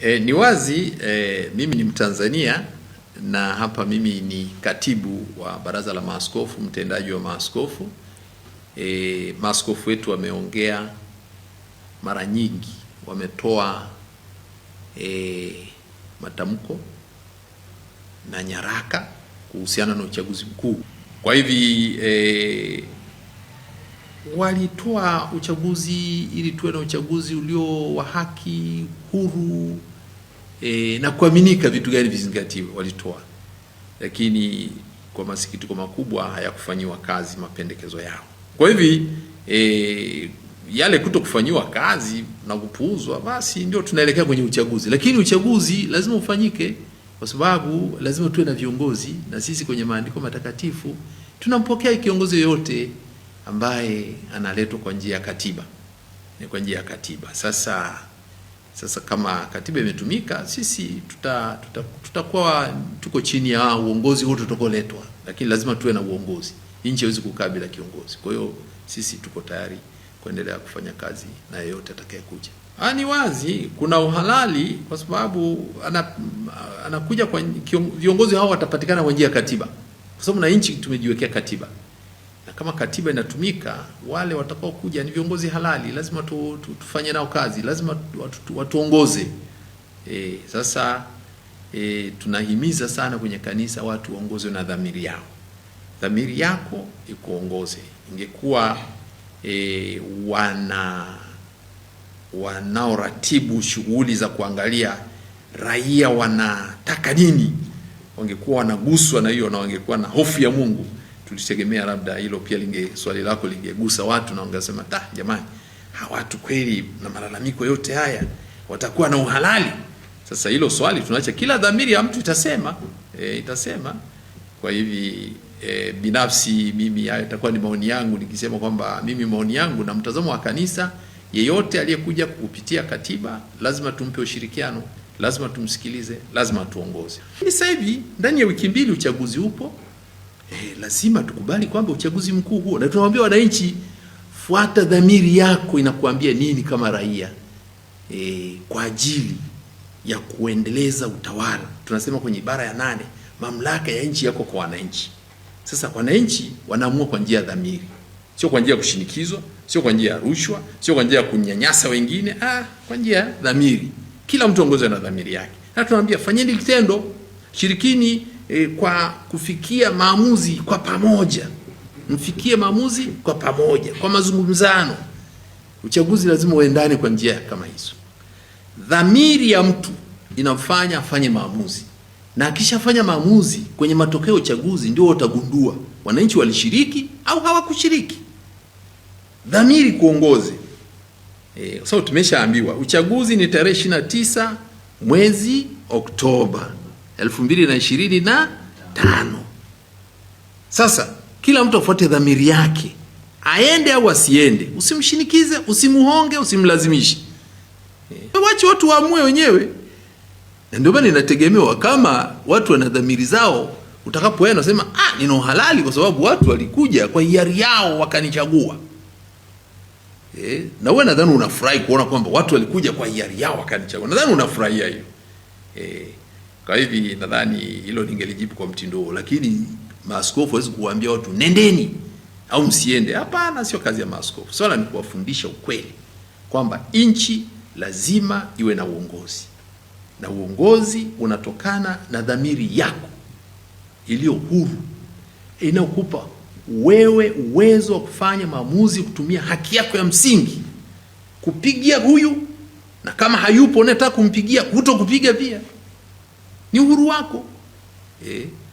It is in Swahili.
E, ni wazi e, mimi ni Mtanzania na hapa mimi ni katibu wa Baraza la Maaskofu, mtendaji wa maaskofu. E, maaskofu wetu wameongea mara nyingi, wametoa e, matamko na nyaraka kuhusiana na uchaguzi mkuu. Kwa hivi e, walitoa uchaguzi ili tuwe na uchaguzi ulio wa haki, huru e, na kuaminika vitu gani vizingatiwe walitoa, lakini kwa masikitiko makubwa hayakufanyiwa kazi mapendekezo yao. Kwa hivi e, yale kuto kufanyiwa kazi na kupuuzwa, basi ndio tunaelekea kwenye uchaguzi. Lakini uchaguzi lazima ufanyike, kwa sababu lazima tuwe na viongozi, na sisi kwenye maandiko matakatifu tunampokea kiongozi yoyote ambaye analetwa kwa njia ya katiba, ni kwa njia ya katiba sasa sasa kama katiba imetumika, sisi tutakuwa tuta, tuta tuko chini ya uongozi wote tutakoletwa, lakini lazima tuwe na uongozi. Nchi haiwezi kukaa bila kiongozi. Kwa hiyo sisi tuko tayari kuendelea kufanya kazi na yeyote atakayekuja. Ah, ni wazi kuna uhalali kwa sababu anakuja ana kwa viongozi hao watapatikana kwa njia ya katiba, kwa sababu na nchi tumejiwekea katiba kama katiba inatumika, wale watakaokuja ni viongozi halali, lazima tu, tu, tufanye nao kazi, lazima watu, watuongoze. E, sasa e, tunahimiza sana kwenye kanisa watu waongozwe na dhamiri yao. Dhamiri yako ikuongoze. Ingekuwa e, wana wanaoratibu shughuli za kuangalia raia wanataka nini, wangekuwa wanaguswa na hiyo na wangekuwa na hofu ya Mungu tulitegemea labda hilo pia linge swali lako lingegusa watu na wangesema ta jamani, hawatu kweli na malalamiko yote haya watakuwa na uhalali. Sasa hilo swali tunaacha kila dhamiri ya mtu itasema e, itasema kwa hivi e, binafsi mimi haya itakuwa ni maoni yangu nikisema kwamba mimi maoni yangu na mtazamo wa kanisa, yeyote aliyekuja kupitia katiba lazima tumpe ushirikiano, lazima tumsikilize, lazima tuongoze. Sasa hivi ndani ya wiki mbili uchaguzi upo lazima tukubali kwamba uchaguzi mkuu huo, na tunawaambia wananchi, fuata dhamiri yako inakuambia nini kama raia e, kwa ajili ya kuendeleza utawala. Tunasema kwenye ibara ya nane, mamlaka ya nchi yako kwa wananchi. Sasa wananchi wanaamua kwa njia ya dhamiri, sio kwa njia ya kushinikizwa, sio kwa njia ya rushwa, sio kwa njia ya kunyanyasa wengine. Ah, kwa njia ya dhamiri. Kila mtu ongozwe na dhamiri yake, na tunaambia fanyeni kitendo, shirikini e, kwa kufikia maamuzi kwa pamoja, mfikie maamuzi kwa pamoja, kwa mazungumzano. Uchaguzi lazima uendane kwa njia kama hizo. Dhamiri ya mtu inamfanya afanye maamuzi, na akishafanya maamuzi kwenye matokeo ya uchaguzi, ndio utagundua wananchi walishiriki au hawakushiriki. Dhamiri kuongoze e, eh, so tumeshaambiwa uchaguzi ni tarehe 29 mwezi Oktoba elfu mbili na ishirini na tano. Sasa kila mtu afuate dhamiri yake, aende au asiende, usimshinikize, usimhonge, usimlazimishe, eh, wache watu waamue wenyewe. Na ndio maana inategemewa kama watu wana dhamiri zao, utakapoenda unasema ah, nina uhalali kwa sababu watu walikuja kwa hiari yao wakanichagua. Eh, na wewe nadhani unafurahi kuona kwamba watu walikuja kwa hiari yao wakanichagua. Nadhani unafurahia hiyo. Eh. Kwa hivi nadhani hilo ningelijibu kwa mtindo huo, lakini maaskofu hawezi kuwaambia watu nendeni au msiende. Hapana, sio kazi ya maaskofu. Swala ni kuwafundisha ukweli kwamba nchi lazima iwe na uongozi, na uongozi unatokana na dhamiri yako iliyo huru inayokupa wewe uwezo wa kufanya maamuzi, kutumia haki yako ya msingi, kupigia huyu, na kama hayupo unataka kumpigia, kupiga pia. Ni uhuru wako eh.